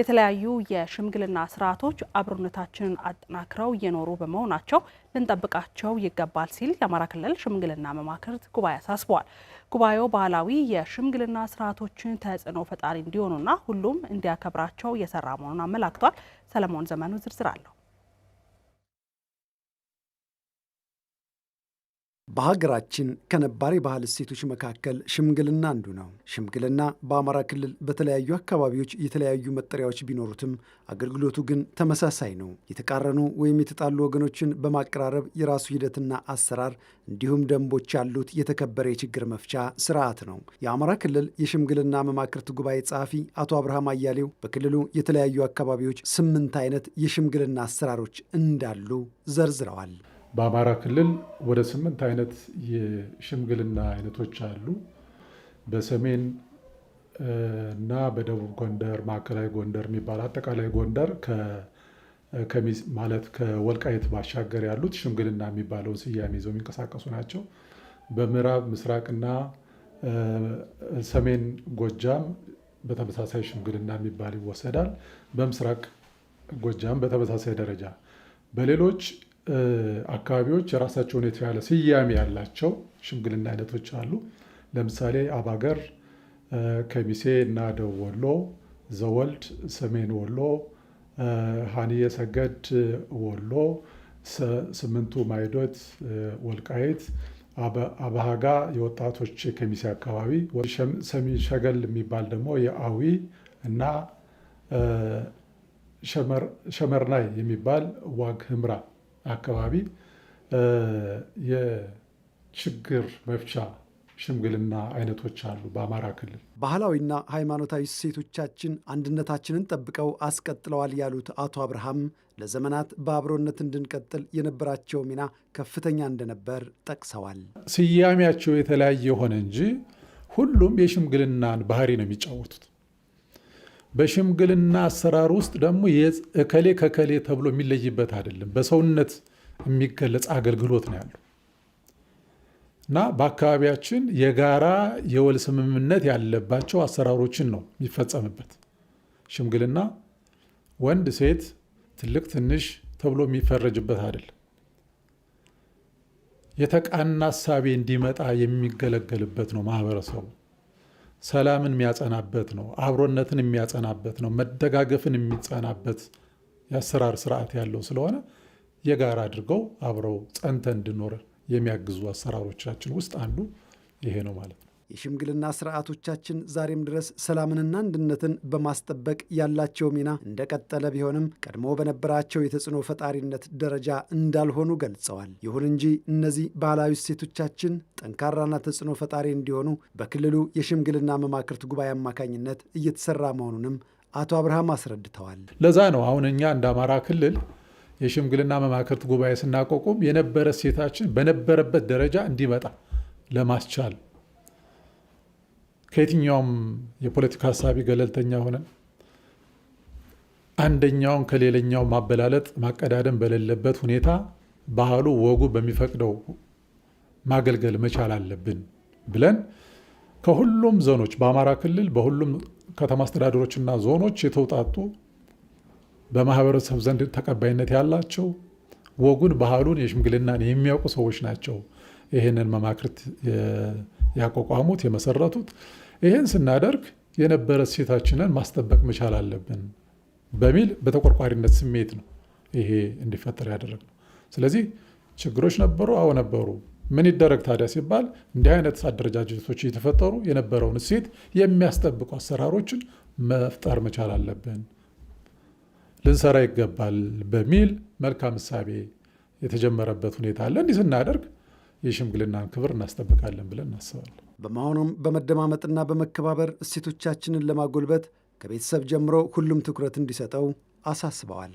የተለያዩ የሽምግልና ስርዓቶች አብሮነታችንን አጠናክረው እየኖሩ በመሆናቸው ልንጠብቃቸው ይገባል ሲል የአማራ ክልል ሽምግልና መማክርት ጉባኤ አሳስበዋል። ጉባኤው ባህላዊ የሽምግልና ስርዓቶችን ተጽዕኖ ፈጣሪ እንዲሆኑና ሁሉም እንዲያከብራቸው እየሰራ መሆኑን አመላክቷል። ሰለሞን ዘመኑ ዝርዝር አለው። በሀገራችን ከነባር የባህል እሴቶች መካከል ሽምግልና አንዱ ነው። ሽምግልና በአማራ ክልል በተለያዩ አካባቢዎች የተለያዩ መጠሪያዎች ቢኖሩትም አገልግሎቱ ግን ተመሳሳይ ነው። የተቃረኑ ወይም የተጣሉ ወገኖችን በማቀራረብ የራሱ ሂደትና አሰራር እንዲሁም ደንቦች ያሉት የተከበረ የችግር መፍቻ ስርዓት ነው። የአማራ ክልል የሽምግልና መማክርት ጉባኤ ጸሐፊ አቶ አብርሃም አያሌው በክልሉ የተለያዩ አካባቢዎች ስምንት አይነት የሽምግልና አሰራሮች እንዳሉ ዘርዝረዋል። በአማራ ክልል ወደ ስምንት አይነት የሽምግልና አይነቶች አሉ። በሰሜን እና በደቡብ ጎንደር፣ ማዕከላዊ ጎንደር የሚባል አጠቃላይ ጎንደር ማለት ከወልቃይት ባሻገር ያሉት ሽምግልና የሚባለውን ስያሜ ይዘው የሚንቀሳቀሱ ናቸው። በምዕራብ ምስራቅና ሰሜን ጎጃም በተመሳሳይ ሽምግልና የሚባል ይወሰዳል። በምስራቅ ጎጃም በተመሳሳይ ደረጃ በሌሎች አካባቢዎች የራሳቸው ሁኔታ ያለ ስያሜ ያላቸው ሽምግልና አይነቶች አሉ። ለምሳሌ አባገር፣ ከሚሴ እና ደቡብ ወሎ፣ ዘወልድ፣ ሰሜን ወሎ፣ ሀኒየ ሰገድ ወሎ፣ ስምንቱ ማይዶት ወልቃይት፣ አባሃጋ የወጣቶች ከሚሴ አካባቢ፣ ሰሜን ሸገል የሚባል ደግሞ የአዊ እና ሸመርናይ የሚባል ዋግ ህምራ አካባቢ የችግር መፍቻ ሽምግልና አይነቶች አሉ። በአማራ ክልል ባህላዊና ሃይማኖታዊ እሴቶቻችን አንድነታችንን ጠብቀው አስቀጥለዋል ያሉት አቶ አብርሃም ለዘመናት በአብሮነት እንድንቀጥል የነበራቸው ሚና ከፍተኛ እንደነበር ጠቅሰዋል። ስያሜያቸው የተለያየ ሆነ እንጂ ሁሉም የሽምግልናን ባህሪ ነው የሚጫወቱት። በሽምግልና አሰራር ውስጥ ደግሞ እከሌ ከከሌ ተብሎ የሚለይበት አይደለም። በሰውነት የሚገለጽ አገልግሎት ነው ያለው እና በአካባቢያችን የጋራ የወል ስምምነት ያለባቸው አሰራሮችን ነው የሚፈጸምበት ሽምግልና። ወንድ ሴት፣ ትልቅ ትንሽ ተብሎ የሚፈረጅበት አይደለም። የተቃና እሳቤ እንዲመጣ የሚገለገልበት ነው ማህበረሰቡ። ሰላምን የሚያጸናበት ነው። አብሮነትን የሚያጸናበት ነው። መደጋገፍን የሚጸናበት የአሰራር ስርዓት ያለው ስለሆነ የጋራ አድርገው አብረው ጸንተ እንድኖር የሚያግዙ አሰራሮቻችን ውስጥ አንዱ ይሄ ነው ማለት ነው። የሽምግልና ስርዓቶቻችን ዛሬም ድረስ ሰላምንና አንድነትን በማስጠበቅ ያላቸው ሚና እንደቀጠለ ቢሆንም ቀድሞ በነበራቸው የተጽዕኖ ፈጣሪነት ደረጃ እንዳልሆኑ ገልጸዋል። ይሁን እንጂ እነዚህ ባህላዊ እሴቶቻችን ጠንካራና ተጽዕኖ ፈጣሪ እንዲሆኑ በክልሉ የሽምግልና መማክርት ጉባኤ አማካኝነት እየተሰራ መሆኑንም አቶ አብርሃም አስረድተዋል። ለዛ ነው አሁን እኛ እንደ አማራ ክልል የሽምግልና መማክርት ጉባኤ ስናቋቁም የነበረ እሴታችን በነበረበት ደረጃ እንዲመጣ ለማስቻል ከየትኛውም የፖለቲካ ሀሳቢ ገለልተኛ ሆነን አንደኛውን ከሌላኛው ማበላለጥ ማቀዳደም በሌለበት ሁኔታ ባህሉ ወጉ በሚፈቅደው ማገልገል መቻል አለብን ብለን ከሁሉም ዞኖች በአማራ ክልል በሁሉም ከተማ አስተዳደሮችና ዞኖች የተውጣጡ በማህበረሰብ ዘንድ ተቀባይነት ያላቸው ወጉን ባህሉን የሽምግልናን የሚያውቁ ሰዎች ናቸው ይህንን መማክርት ያቋቋሙት የመሰረቱት። ይህን ስናደርግ የነበረ እሴታችንን ማስጠበቅ መቻል አለብን በሚል በተቆርቋሪነት ስሜት ነው ይሄ እንዲፈጠር ያደረግነው። ስለዚህ ችግሮች ነበሩ፣ አዎ ነበሩ። ምን ይደረግ ታዲያ ሲባል እንዲህ አይነት አደረጃጀቶች እየተፈጠሩ የነበረውን እሴት የሚያስጠብቁ አሰራሮችን መፍጠር መቻል አለብን፣ ልንሰራ ይገባል በሚል መልካም እሳቤ የተጀመረበት ሁኔታ አለ። እንዲህ ስናደርግ የሽምግልናን ክብር እናስጠብቃለን ብለን እናስባለን። በመሆኑም በመደማመጥና በመከባበር እሴቶቻችንን ለማጎልበት ከቤተሰብ ጀምሮ ሁሉም ትኩረት እንዲሰጠው አሳስበዋል።